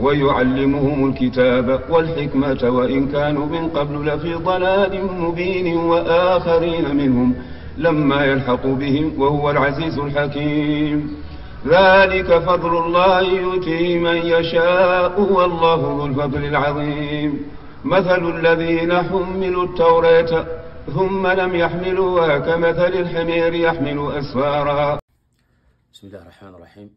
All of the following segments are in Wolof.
ويعلمهم الكتاب والحكمة وإن كانوا من قبل لفي ضلال مبين وآخرين منهم لما يلحق بهم وهو العزيز الحكيم ذلك فضل الله يؤتيه من يشاء والله ذو الفضل العظيم مثل الذين حملوا التوراة ثم لم يحملوها كمثل الحمير يحمل أسفارا بسم الله الرحمن الرحيم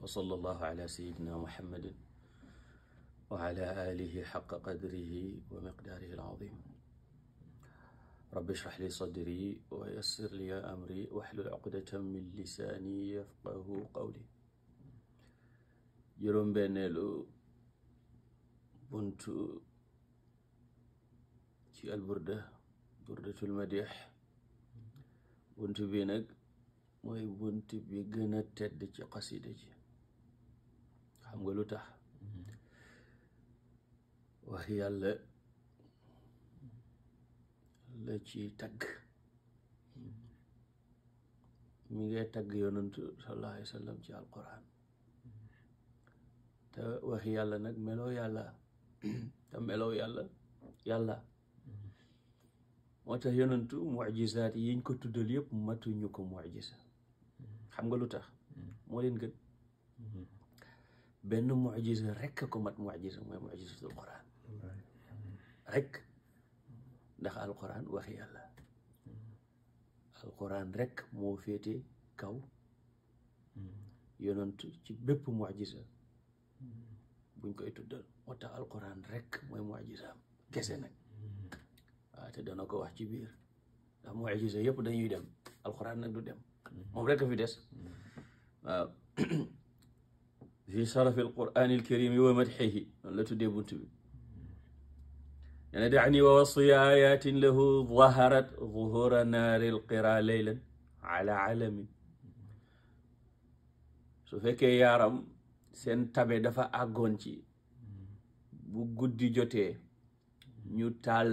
wa sallallahu ala sayyidina muhammadin wa ala alihi xaqa qadrihi wa miqdaarihi al-azim rabbi ishrah li sadri wa yassir li amri wahlul uqdatan min lisaani yafqahu qawli juróom-benneelu buntu ci alburda burdatul madix buntu bi nag mooy buntu bi gën a tedd ci xasida ji xam nga lu tax wax yàlla la ci tagg mi ngay tagg yonantu sallallahu alayhi wa ci alquran te wax yàlla nag meloo yàlla te meloo yàlla yàlla moo tax yonantu mujizaat yiñ ko tuddal yëpp matuñu ko mujisa xam nga lu tax moo leen benn mujisa rek ko mat mujisa mooy mujisatul quran rek ndax alquran waxi yàlla alquran rek moo féete kaw yonent ci bépp mujisa buñ koy tuddal moo tax alquran rek mooy mujisaam kese nag waaw te dana ko wax ci biir ndax mujisa yëpp dañuy dem alquran nag du dem moom rek a fi des waaw fi sharafi alqurani alkarimi wa madxihi noonu la tuddee bunt bi nee daani wa wasfi ayatin lahu zaharat zuhura naari alqira leylan ala alamin su fekkee yaaram seen tabe dafa àggoon ci bu guddi jotee ñu taal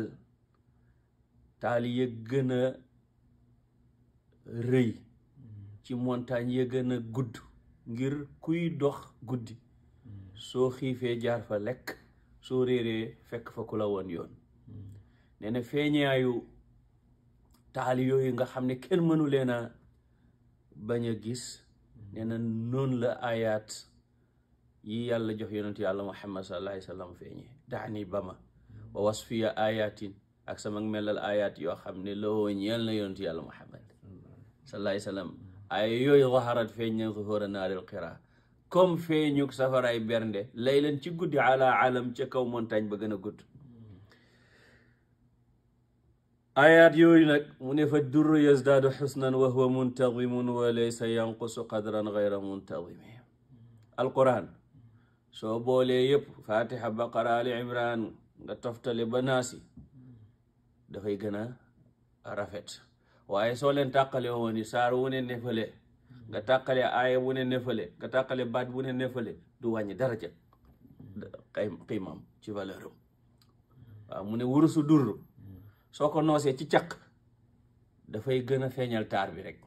taal ya gën ci montagne ya gën a gudd ngir kuy dox guddi soo xiifee jaar fa lekk soo réeree fekk fa ku la woon yoon nee na feeñaayu taal yooyu nga xam ne kenn mënu leen a bañ a gis nee na la ayaat yi yàlla jox yonent yàlla muhammad sallallahu alayhi wa sallam feeñee daani ba ma wa wasfiya ak sama melal ayaat yoo xam ne loo ñeel na yonent yàlla muhammad ay yooyu waxarat feeñ na zuhura naaril xira comme feeñuk bernde laylan ci guddi ca kaw montagne ba gën a gudd ayaat yooyu nag mu ne fa durru yazdaadu xusnan wa huwa muntazimun wa laysa yanqusu qadran gayra muntazimi alquran soo boole yëpp fatiha baqara ali nga toftale ba naasi dafay gën a rafet waaye soo leen tàqale woon ni saar wu ne nefale nga tàqale aaya wu ne nefale nga tàqale baat bu ne nefale du wàññi dara ca xay ci valeur am mu ne wurusu dur soo ko noosee ci caq dafay gën a feeñal taar bi rek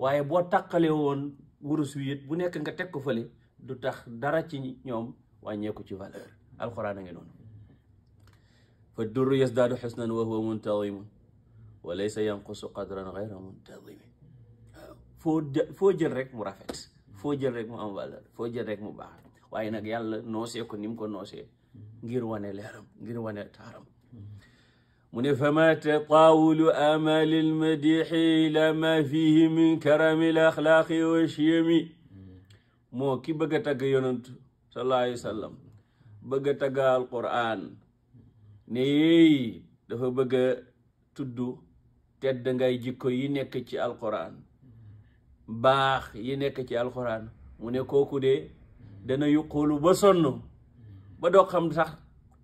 waaye boo tàqale woon wurus wi it bu nekk nga teg ko fële du tax dara ci ñoom wàññeeku ci valeur alxuraan a ngi noonu fa durru yasdaadu xusnan wa huwa muntazimun walaysa yanqusu qadran ghayra muntazimi waaw foo foo jël rek mu rafet foo jël rek mu baax waaye nag yàlla noosee ko ni ko noosee ngir wane leeram ngir wane taaram mu ne fama ila ma fihi min karami l axlaaqi wa chiyami ki bëgg a tagg yonantu sallallahu alayhi wa sallam bëgg a ne yéey dafa bëgg a tedd ngay jikko yi nekk ci alquran baax yi nekk ci alxuraan mu ne kooku de dana yuqulu ba sonn ba doo xam sax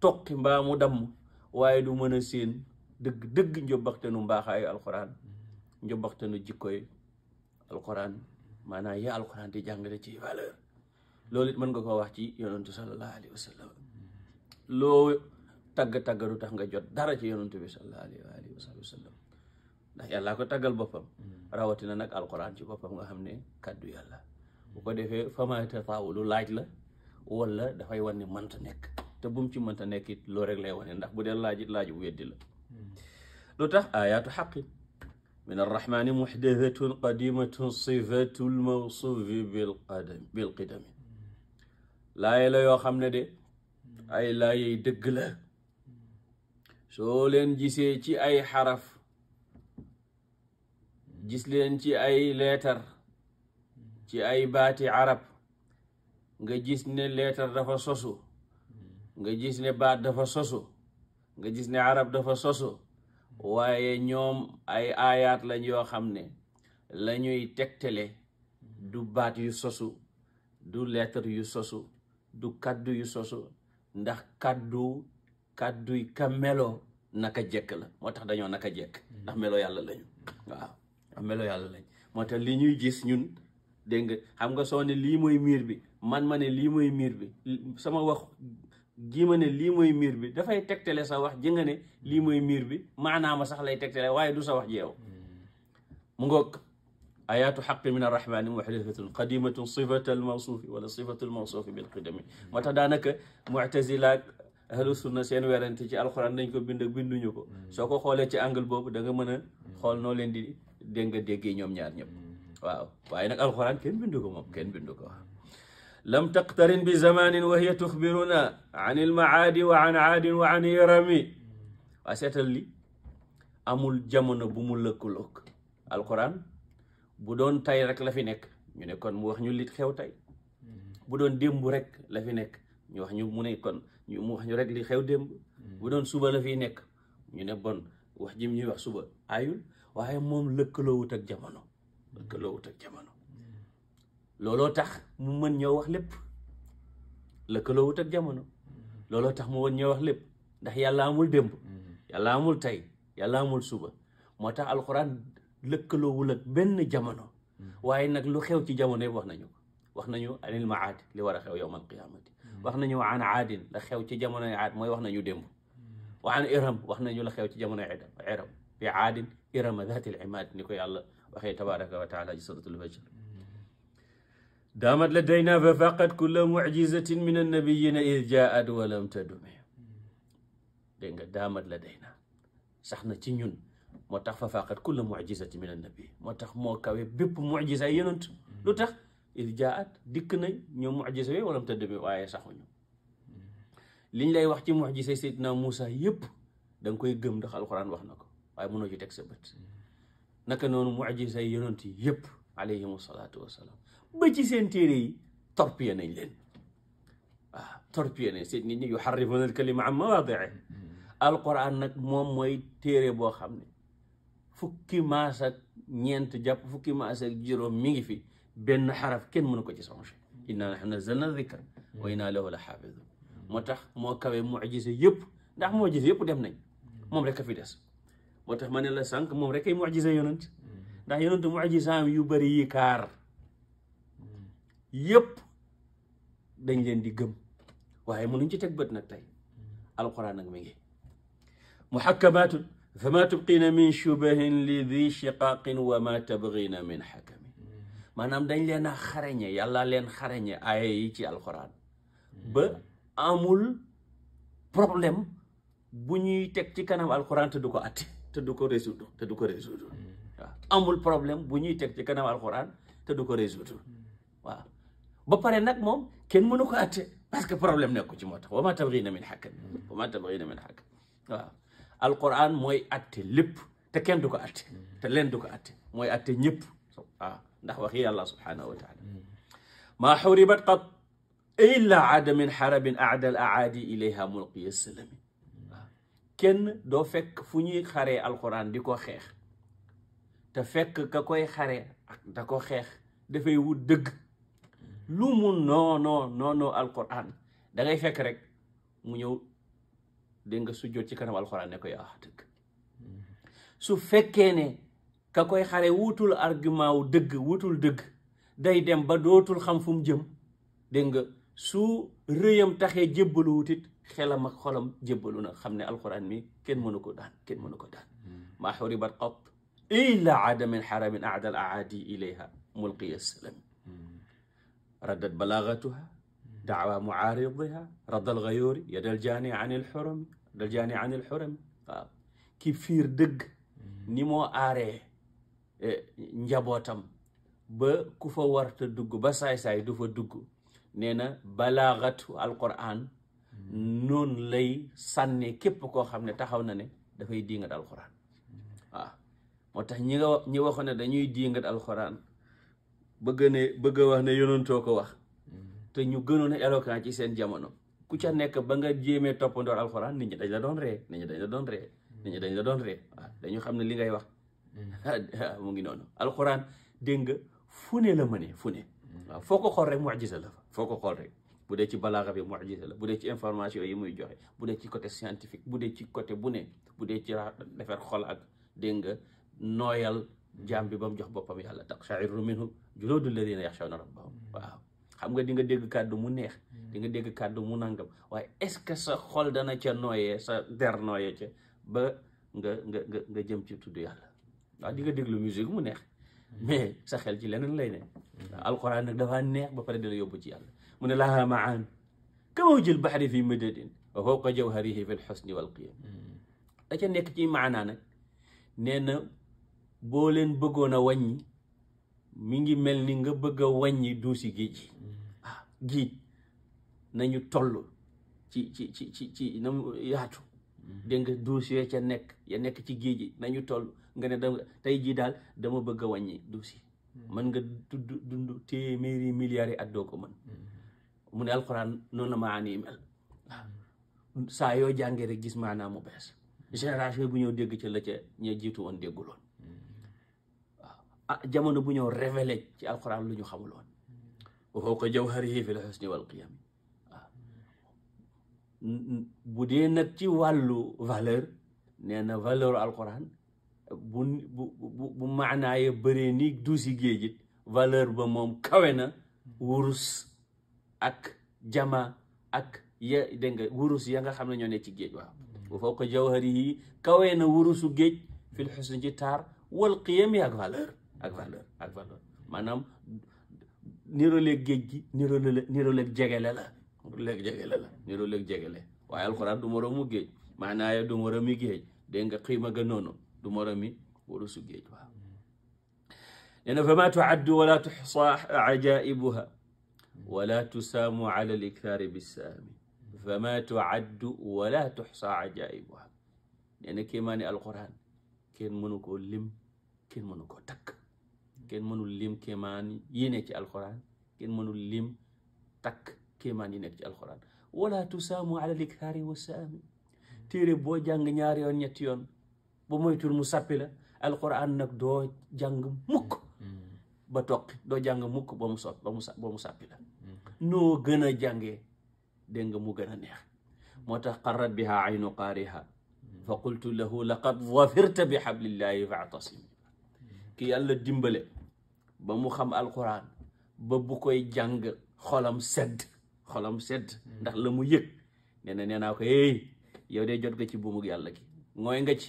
toqi mbaa mu damm waaye du mën a séen dëgg dëgg njobbaxtanu mbaaxaayu alquran njobbaxtanu jikkoy alxuraan maanaam yi alquran di jàngale ci valeur loolu mën nga ko wax ci yonentu sallallahu alayhi loo tagg-tagg du tax nga jot dara ci yonentu bi sallallahu alayhi ndax yàllaa ko taggal boppam mm. rawatina nag alquran ci boppam nga xam ne kàddu yàlla bu ko defee fama tafaawulu laaj la wala dafay wan ne mënta nekk te bu ci mënta nekk it loo rek lay wane ndax bu dee laaj it laaj bu weddi la mm. lu tax ayaatu xaqin min arrahmani muxdathatun qadimatun sifatu lmawsufi bil qadam bil qidami mm. laaye la yoo xam ne de ay laayey dëgg la soo leen gisee ci ay xaraf gis leen ci ay leetar ci ay baati arab nga gis ne leetar dafa sosu nga gis ne baat dafa sosu nga gis ne arab dafa sosu waaye ñoom ay ayaat lañ yoo xam ne lañuy ñuy du baat yu sosu du lettre yu sosu du kaddu yu sosu ndax kaddu kadduy ka melo naka jekk la moo tax dañoo naka jekk ndax melo yàlla lañu waaw melo yàlla lañ moo tax li ñuy gis ñun dégg nga xam nga soo ne lii mooy miir bi man ma ne lii mooy miir bi sama wax gii ma ne lii mooy miir bi dafay tegtale sa wax ji ne lii mooy miir bi maanaama sax lay tegtale waaye du sa wax ji yow mu ngoog ayaatu xaqi min arrahmani muxdathatun qadimatun sifat almawsuufi wala sifat almawsuufi bilqidami moo tax daanaka muctazila ahlu sunna seen werante ci alquran dañ ko bind ak binduñu ko hmm. soo ko xoolee ci angle boobu danga nga mën xool noo leen di dégg nga déggee ñoom ñaar ñëpp mm-hmm. waaw waaye nag alxuraan kenn bindu ko moom kenn bindu ko lam taqtarin bi zamanin wa hiya tuxbiruna an ilmaadi wa an aadin wa an irami mm-hmm. li amul jamono bu mu lëkkaloog alxuraan bu doon tey rek la fi nekk ñu nekkoon mu wax ñu lit xew tey mm-hmm. bu doon démb rek la fi nekk ñu wax ñu mu ne kon mu wax ñu rek li xew démb bu doon suba la fi nekk ñu ne wax jim ñuy wax suba ayul waaye moom lëkkaloowut ak jamono lëkkaloowut ak jamono looloo tax mu mën ñoo wax lépp lëkkaloowut ak jamono looloo tax mu mën ñoo wax lépp ndax yàlla mul démb yàlla mul tey yàlla amul suba moo tax alxuraan lëkkaloowul ak benn jamono waaye nag lu xew ci jamono yëpp wax nañu ko wax nañu anil maad li war a xew yowmal qiyaamati wax nañu wax aadin la xew ci jamono aad mooy wax nañu démb wa an iram wax nañu la xew ci jamono iram bi aadin irama dati ko yàlla waxee tabaraka wa taala ci suratul fajr daamat ladayna fa faqat kulla mujizatin min annabiyina id jaat walam tadumi dégg nga daamat ladayna sax na ci ñun moo tax fa faqat kulla mujizatin min annabi moo tax moo kawe bépp mujisa ay yonent lu tax id jaat dikk nañ ñoom mujisa yooyu walam tadumi waaye saxuñu liñ lay wax ci mujisa Seydina Muusa yépp da nga koy gëm ndax wax na ko waaye mënoo ci teg sa bët naka noonu mucjisa yi yonent yi yëpp alayhim salaatu wasalaam ba ci seen téere yi torpillé nañ leen waaw torpillé nañ seen nit ñi yu xarrifuuna al-kalima an mawaadiihi alquran nag moom mooy téere boo xam ne fukki maas ak ñeent jàpp fukki maas ak juróom mi ngi fi benn xaraf kenn mënu ko ci changé inna nahnu nazzalna dhikra wa inna lahu la xaafidun moo tax moo kawe mucjisa yëpp ndax mucjisa yëpp dem nañ moom rek a fi des moo tax ma ne la sànq moom rek ay mujisa yonent ndax yonent mujisaam yu bari yi kaar yëpp dañ leen di gëm waaye mënuñ ci teg bët nag tey alquran nag mi ngi muhakkamaatun fa ma tubqiina min shubahin li di shiqaaqin wa ma tabghiina min xakamin maanaam dañ leen a xarañe yàlla leen xarañe aaya yi ci alquran ba amul problème bu ñuy teg ci kanam alquran te du ko atte te du ko résoudre te du ko résoudre hmm. waaw amul problème bu ñuy teg ci kanam alxuraan te du ko résoudre hmm. waaw ba nag moom kenn mënu ko atte parce que problème nekku ci moo tax wa ma tabghina min hakam hmm. wa ma tabghina min mooy atte lépp te kenn du ko atte te leen du ko atte mooy atte ñëpp waaw ndax waxi yàlla subhanahu wa taala maa xuribat qat illa aada min aada al aadi ilayha doo fekk fu ñuy xaree alxuraan di ko xeex te fekk ka koy xare ak da ko xeex dafay wut dëgg lu mu noonoo noonoo alxuraan da fekk rek mu ñëw dégg nga su jot ci kanam alxuraan ne koy yaa wax dëgg su fekkee ne ka koy xare wutul argument wu dëgg wutul dëgg day dem ba dootul xam fu mu jëm dégg su rëyam taxee jébbalu wutit xelam ak xolam jébbalu na xam ne alquran mi kenn mënu ko daan kenn mënu ko daan hmm. maa xuribat qat illa aadamin xaramin aada al aadi ilayha mulqiya salami hmm. raddat balaagatuha daawa muaaridiha radd al gayoori yad al jaani an il xurami yad al jaani an il xurami waaw ki fiir dëgg hmm. ni moo aaree eh, njabootam ba ku fa warta dugg ba saay-saay du fa dugg nee na balaaxatu alquran noonu lay sànnee képp koo xam ne taxaw na ne dafay diingat alquran waaw moo tax ñi nga ñi waxoon ne dañuy diingat alquran bëgg ne bëgg a wax ne yonantoo ko wax te ñu gënoon a éloquent ci seen jamono ku ca nekk ba nga jéemee toppandoor alxuraan nit ñi la doon ree nit ñi dañ dañ la doon dañu xam ne li ngay wax mu ngi noonu alxuraan dégg nga fu ne la mënee fu ne waaw foo ko xool rek mucjisa la fa foo ko xool rek bu dee ci balaaxa bi mucjisa la bu dee ci information yi muy joxe bu dee ci côté scientifique bu dee ci côté bu nee bu dee ci defar xol ak dégg nga nooyal jaam bi ba mu jox boppam yàlla taqsha'irru minhu juluudu lladina yaxshawna rabbahum waaw xam nga di nga dégg kàddu mu neex di nga dégg kàddu mu nangam waaye est-ce que sa xol dana ca nooyee sa der nooyee ca ba nga nga nga jëm ci tudd yàlla waaw di nga déglu musique mu neex mais sa xel ci leneen lay ne alquran nag dafaa neex ba pare di la yóbbu ci yàlla mu ne laha maan kawajil baxri fi madatin wa fawqa jawharihi fi lxusni walqiyam da ca nekk ci maanaa nag nee na boo leen bëggoon a wàññi mi ngi mel ni nga bëgg a wàññi duusi géej ah géej nañu toll ci ci ci ci ci nam Mhm. dégg nga douche yooyu ca nekk ya nekk ci géej gi nañu toll nga ne dama tey jii daal dama bëgg a wàññi douche mhm. yi mën nga tudd dund téeméeri milliards yi at doo mën mhm. mu ne alxuraan noonu la maa nii mel saa yoo jàngee rek gis maanaamu mu bees génération bu ñëw dégg ca la ca ña jiitu woon dégguloon waaw ah, jamono bu ñëw révélé ci alxuraan lu ñu xamuloon waxoo ko jawharihi fil husni wal qiyam bu dee nag ci wàllu valeur nee na valeur alquran bu bu bu bu maanaaye bëree ni duusi géej it valeur ba moom kawee na wurus ak jama ak ya dégg nga wurus ya nga xam ne ñoo ne ci géej waaw bu fawqa jawharihi kawee na wurusu géej fil xusni ji taar wal qiyam ak valeur ak valeur ak valeur maanaam niroleeg géej gi nirole niroleeg jegele la léeg jegele la niru léeg jegele waaye alxuraan du moroomu géej maanaa ya du moroomi géej dégg nga xiima ga noonu du moroomi warusu géej waaw nee na fa ma tuaddu wala tuxsa ajaibuha wala tusaamu ala likaari bisaami fa ma tuaddu wala tuxsa ajaibuha nee na kéemaani alxuraan kenn mënu koo lim kenn mënu koo takk kenn mënul lim kéemaani yi ne ci alxuraan kenn mënul lim takk kéemaan yi nekk ci alquran wala tusaamu ala likhaari wa saami téere boo jàng ñaari yoon ñetti yoon ba moytul mu sàppi la alquran nag doo jàng mukk mm-hmm. ba toqi doo jàng mukk ba mu so ba mu ba mu sàppi la mm-hmm. noo gën a jàngee dégg nga mu gën a neex moo tax qarrat biha aynu qaariha mm-hmm. fa qultu lahu laqad wafirta bi hablillahi fa'tasim ki yàlla dimbale ba mu xam alquran ba bu koy jàng xolam sedd xolam sedd ndax la mu yëg nee na nee naa ko hey yow de jot nga ci buumug yàlla gi ngooy nga ci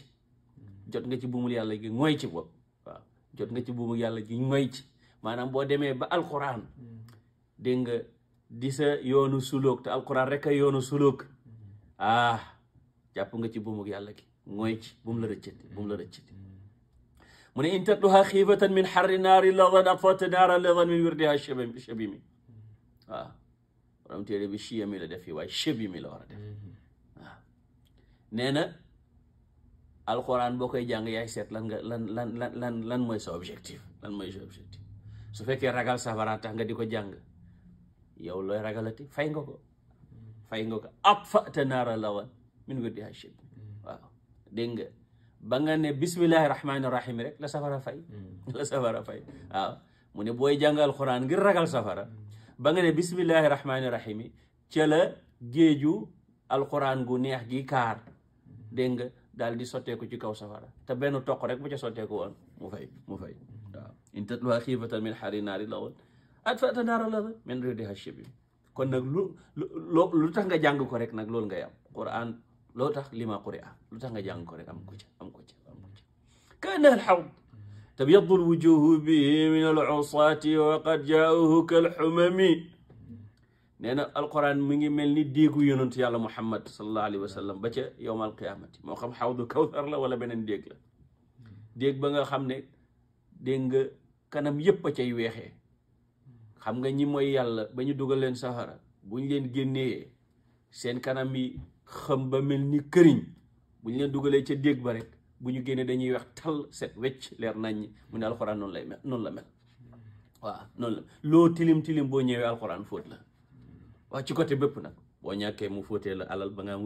jot nga ci buumul yàlla gi ngooy ci bopp waaw jot nga ci buumug yàlla gi ngooy ci maanaam boo demee ba alquran dégg nga di sa yoonu sulóog te alquran rek a yoonu sulóog ah jàpp nga ci buumug yàlla gi ngooy ci bu mu la rëccati bu mu la rëccati mu ne in tatluha min xarri naari ladan atfat naara ladan shabimi borom téere bi mi la def fii waaye mi la war a mhm. na alxuraan boo koy jàng yaay seet lan lan lan lan lan lan mooy sa objectif lan mooy su fekkee ragal safara tax nga di ko jàng yow looy ragalati fay nga fay nga ko ab fa naara lawan min wér ha chib mhm. waaw nga ba nga ne bismillahi rahmaani rahim rek la safara fay mhm. la safara fay waaw mu ne booy jàng alxuraan ngir ragal safara ba nga ne bismillahi rahmaani rahim ca la géeju alquran gu neex gi kaar dégg nga daal di sotteeku ci kaw safara te benn toq rek bu ca sotteeku woon mu fay mu fay waaw in tatluha xiifatan min xaari naari la woon at fata naara la min ridiha shibib kon nag lu lu tax nga jàng ko rek nag loolu ngay am quran loo tax lima quri am lu tax nga jàng ko rek am ko ca am ko ca bi تبيض الوجوه به من العصاة وقد جاءوه كالحمم nee na alquran mu ngi mel ni déegu yonent yàlla muhammad sallallahu alayhi wa sallam ba ca yowmal qiyaamati moo xam xawdu kawthar la wala beneen déeg la déeg ba nga xam ne dégg nga kanam yépp a cay weexe xam nga ñi mooy yàlla ba ñu dugal leen safara buñ leen génnee seen kanam yi xam ba mel ni këriñ buñ leen dugalee ca déeg ba rek bu ñu génnee dañuy wax tal set wecc leer nañ mu ne alxuraan noonu lay mel noonu la mel waaw noonu loo tilim tilim boo ñëwee alxuraan fóot la waaw ci côté bépp nag boo ñàkkee mu fóotee la alal ba nga am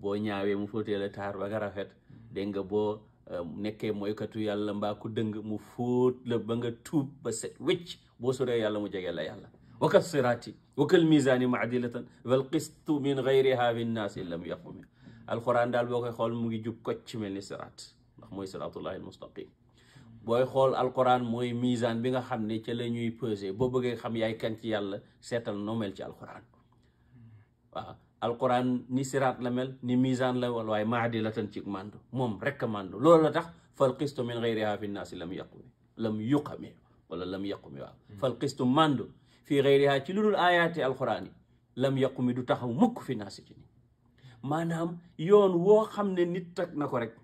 boo ñaawee mu fóotee la taar ba nga rafet dégg nga boo euh, nekkee mooykatu yàlla mbaa ku dëng mu fóot la ba nga tuub ba set wecc boo soree yàlla mu jege la yàlla wakal siraati wakal misaani maadilatan wal qistu min gayri haabi nnaasi lam yaqumi alxuraan daal boo koy xool mu ngi jub kocc mel ni siraat ndax mooy siraatullahi almustaqim booy xool alxuraan mooy misaan bi nga xam ne ca la ñuy peser boo bëggee xam yaay kan ci yàlla seetal noo mel ci alxuraan waaw alquran ni siraat la mel ni misaan la wal waaye maadilatan ci màndu moom rek màndu loola tax fal qistu min gayriha fi nnaasi lam yaqumi lam yuqami wala lam yaqumi waaw hmm. fal qistu fii gayriha ci lu dul ayaati alquran yi lam yaqumi du taxaw mukk fi naasi ci ni maanaam yoon woo xam ne nit teg na ko rek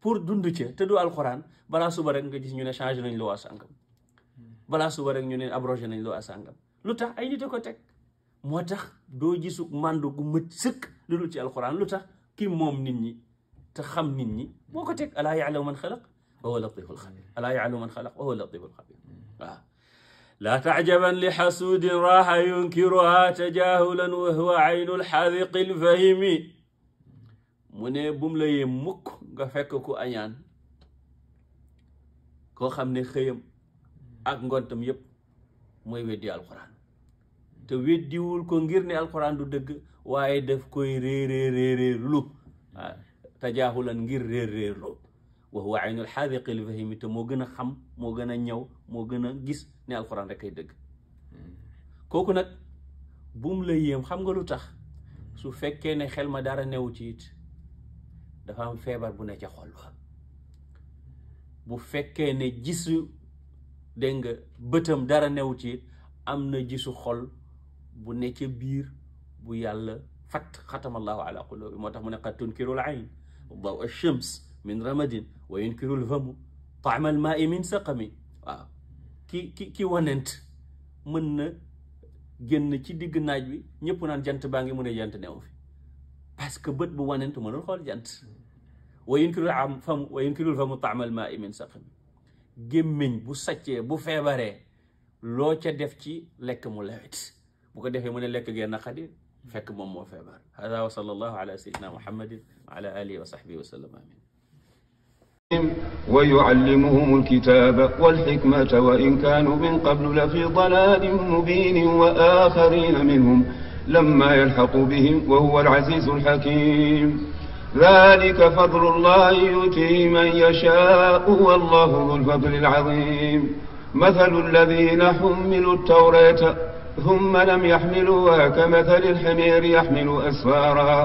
pour dund ca te du alxuraan balaa suba rek nga gis ñu ne changé nañ loi sàngam balaa suba rek ñu ne abrogé nañ loi sàngam lu tax ay nit ko teg moo tax doo gisu màndu gu mët sëkk lu dul ci alxuraan lu tax ki moom nit ñi te xam nit ñi moo ko teg alaa yaalamu man xalaq wa huwa latiful xabir alaa yaalamu man xalaq wa huwa latiful xabir waaw laa tacjaban li xasuudin raaxa yunkiruha tajaahulan wa huwa aynu lxaadiqi lfahimi mu ne bum la yem mukk nga fekk ku añaan koo xam ne xëyam ak ngontam yépp mooy weddi alquran te weddiwul ko ngir ne alquran du dëgg waaye daf koy réeréeréeréer lu tajaahulan ngir réer réer lu wa huwa aynul xaadiqi li fahimi moo gën a xam moo gën a ñëw moo gën a gis ne alxuraan rek ay dëgg kooku nag buum la yéem xam nga lu tax su fekkee ne xel ma dara newu ci it dafa am feebar bu ne ca xol ba bu fekkee ne gisu dégg nga bëtam dara newu ci am na gisu xol bu ne ca biir bu yàlla fat xatamallaahu ala qulubi moo tax mu ne qad tunkirul ayn daw ash-shams min ramadin wa yunkiru lfamu taama almaai min saqami waaw ki ki ki wanent mën na génn ci digg naaj bi ñëpp naan jant baa ngi mun a jant neew fi parce que bët bu wanent mënul xool jant wa yunkirul am famu wa yunkirul famu taamal maa i min saqami gémmiñ bu saccee bu feebaree loo ca def ci lekk mu lewet bu ko defee mu ne lekk gee naqadi fekk moom moo feebar hada wa sallallahu ala sayyidina muhammadin wa ala alihi wa sahbihi wa sallam amin ويعلمهم الكتاب والحكمة وإن كانوا من قبل لفي ضلال مبين وآخرين منهم لما يلحق بهم وهو العزيز الحكيم ذلك فضل الله يؤتيه من يشاء والله ذو الفضل العظيم مثل الذين حملوا التوراة ثم لم يحملوها كمثل الحمير يحمل أسفارا